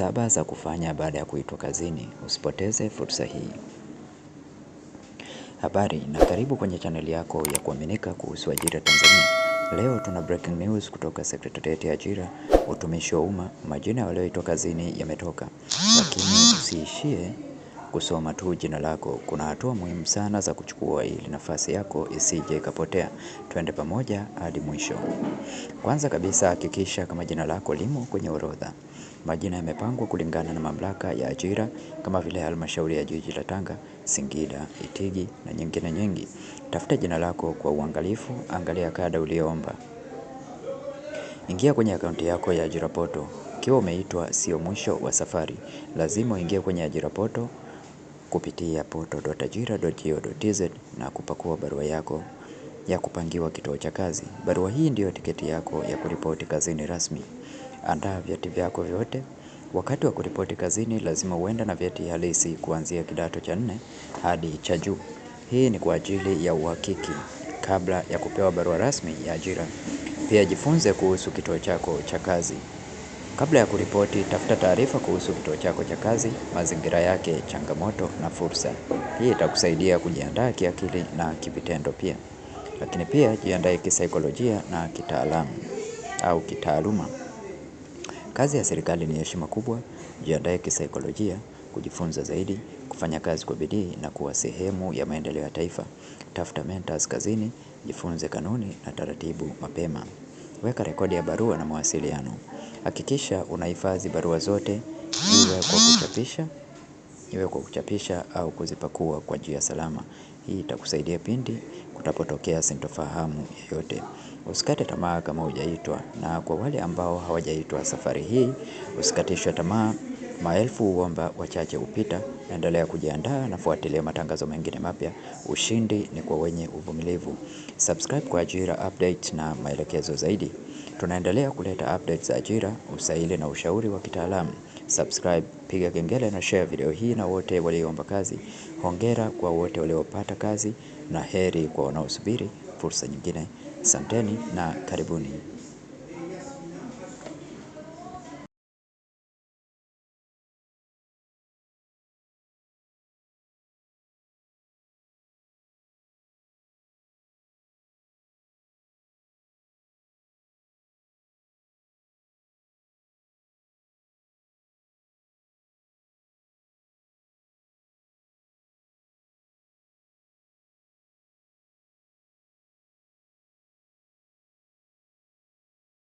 saba za kufanya baada ya kuitwa kazini. Usipoteze fursa hii. Habari na karibu kwenye chaneli yako ya kuaminika kuhusu ajira Tanzania. Leo tuna breaking news kutoka Sekretarieti ya Ajira, Utumishi wa Umma. Majina walioitwa kazini yametoka, lakini usiishie kusoma tu jina lako. Kuna hatua muhimu sana za kuchukua ili nafasi yako isije ikapotea. Twende pamoja hadi mwisho. Kwanza kabisa hakikisha kama jina lako limo kwenye orodha. Majina yamepangwa kulingana na mamlaka ya ajira kama vile halmashauri ya jiji la Tanga, Singida, Itigi na nyingine nyingi. Tafuta jina lako kwa uangalifu, angalia kada uliyoomba. Ingia kwenye akaunti yako ya ajira poto. Ikiwa umeitwa sio mwisho wa safari, lazima uingie kwenye ajira poto kupitia portal.ajira.go.tz na kupakua barua yako ya kupangiwa kituo cha kazi. Barua hii ndiyo tiketi yako ya kuripoti kazini rasmi. Andaa vyeti vyako vyote. Wakati wa kuripoti kazini lazima uende na vyeti halisi kuanzia kidato cha nne hadi cha juu. Hii ni kwa ajili ya uhakiki kabla ya kupewa barua rasmi ya ajira. Pia jifunze kuhusu kituo chako cha kazi. Kabla ya kuripoti, tafuta taarifa kuhusu kituo chako cha kazi, mazingira yake, changamoto na fursa. Hii itakusaidia kujiandaa kiakili na kivitendo pia. Lakini pia jiandae kisaikolojia na kitaalamu au kitaaluma. Kazi ya serikali ni heshima kubwa, jiandae kisaikolojia, kujifunza zaidi, kufanya kazi kwa bidii na kuwa sehemu ya maendeleo ya taifa. Tafuta mentors kazini, jifunze kanuni na taratibu mapema. Weka rekodi ya barua na mawasiliano. Hakikisha unahifadhi barua zote iwe kwa kuchapisha iwe kwa kuchapisha au kuzipakua kwa njia salama. Hii itakusaidia pindi kutapotokea sintofahamu yoyote. Usikate tamaa kama hujaitwa na kwa wale ambao hawajaitwa safari hii usikatishwe tamaa. Maelfu huomba wachache hupita. Endelea kujiandaa na fuatilia matangazo mengine mapya. Ushindi ni kwa wenye uvumilivu. Subscribe kwa ajira update na maelekezo zaidi. Tunaendelea kuleta updates za ajira, usaili na ushauri wa kitaalamu. Subscribe, piga kengele na share video hii na wote walioomba kazi. Hongera kwa wote waliopata kazi na heri kwa wanaosubiri fursa nyingine. santeni na karibuni.